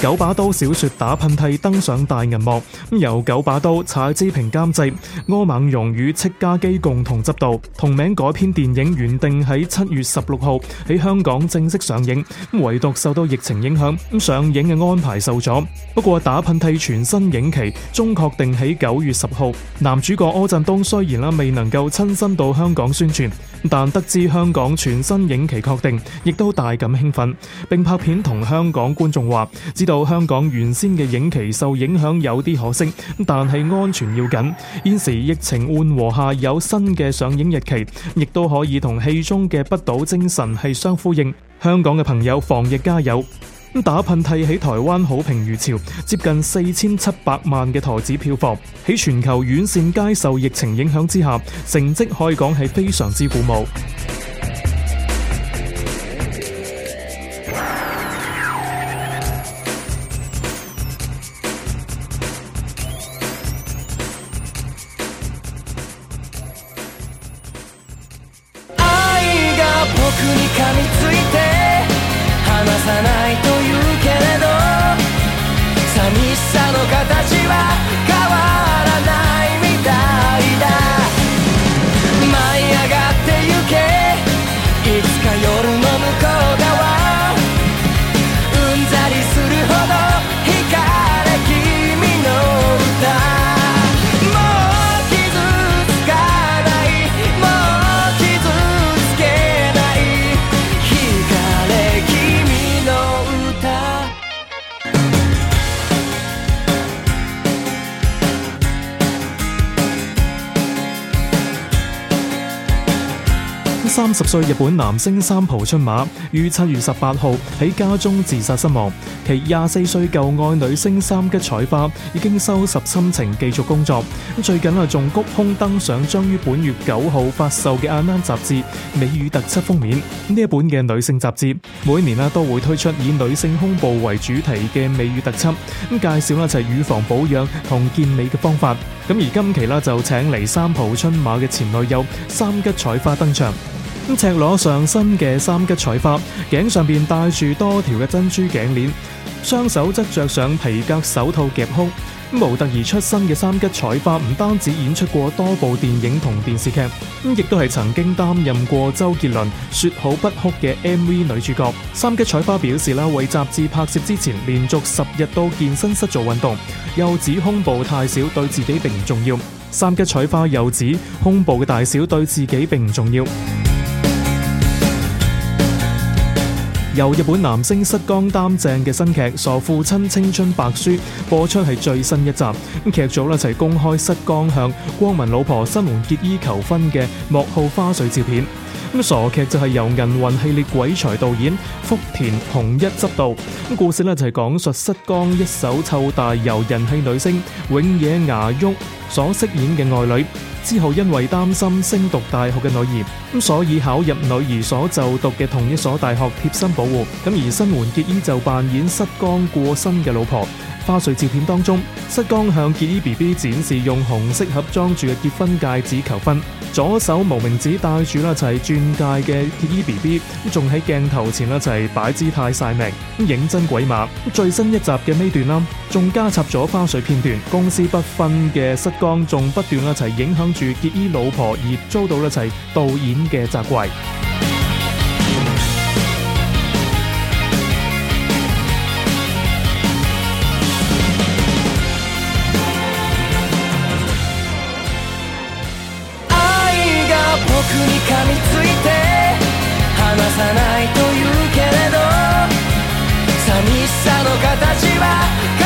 《九把，九把刀》小說《打噴嚏》登上大銀幕，由《九把刀》柴智屏監製，柯孟融與戚家基共同執導。同名改編電影原定喺七月十六號喺香港正式上映，唯獨受到疫情影響，上映嘅安排受阻。不過《打噴嚏》全新影期終確定喺九月十號。男主角柯震東雖然啦未能夠親身到香港宣傳，但得知香港全新影期確定，亦都大感興奮，並拍片同香港觀眾話。到香港原先嘅影期受影響有啲可惜，但係安全要緊。現時疫情緩和下有新嘅上映日期，亦都可以同戲中嘅不倒精神係相呼應。香港嘅朋友防疫加油！打噴嚏喺台灣好評如潮，接近四千七百萬嘅台子票房，喺全球院線皆受疫情影響之下，成績可以講係非常之鼓舞。三十歲日本男星三浦春馬於七月十八號喺家中自殺身亡，其廿四歲舊愛女星三吉彩花已經收拾心情繼續工作。最近啊，仲谷胸登上將於本月九號發售嘅《anan》雜誌美語特輯封面。呢一本嘅女性雜誌，每年啦都會推出以女性胸部為主題嘅美語特輯，咁介紹啦就係預防保養同健美嘅方法。咁而今期啦就請嚟三浦春馬嘅前女友三吉彩花登場。赤裸上身嘅三吉彩花，頸上邊戴住多條嘅珍珠頸鏈，雙手則着上皮革手套夾胸。模特兒出身嘅三吉彩花，唔單止演出過多部電影同電視劇，亦都係曾經擔任過周杰倫《說好不哭》嘅 MV 女主角。三吉彩花表示啦，為雜誌拍攝之前，連續十日到健身室做運動。又指胸部太小對自己並唔重要。三吉彩花又指胸部嘅大小對自己並唔重要。由日本男星失江擔正嘅新劇《傻父親青春白書》播出係最新一集，咁劇組呢就係公開失江向光文老婆新垣結衣求婚嘅幕後花絮照片。咁傻劇就係由銀魂系列鬼才導演福田雄一執導，咁故事呢就係講述失江一手湊大由人氣女星永野芽郁所飾演嘅愛女。之後因為擔心升讀大學嘅女兒，咁所以考入女兒所就讀嘅同一所大學貼身保護。咁而新垣結衣就扮演失江過身嘅老婆。花絮照片當中，失江向結衣 B B 展示用紅色盒裝住嘅結婚戒指求婚，左手無名指戴住啦就係鑽戒嘅結衣 B B，仲喺鏡頭前啦就係、是、擺姿態晒命，咁認真鬼馬。最新一集嘅尾段啦，仲加插咗花絮片段，公私不分嘅失江仲不斷一齊、就是、影響住結衣老婆而遭到一齊導演嘅責怪。愛が僕に噛みついて離さないと言うけれど寂しさの形は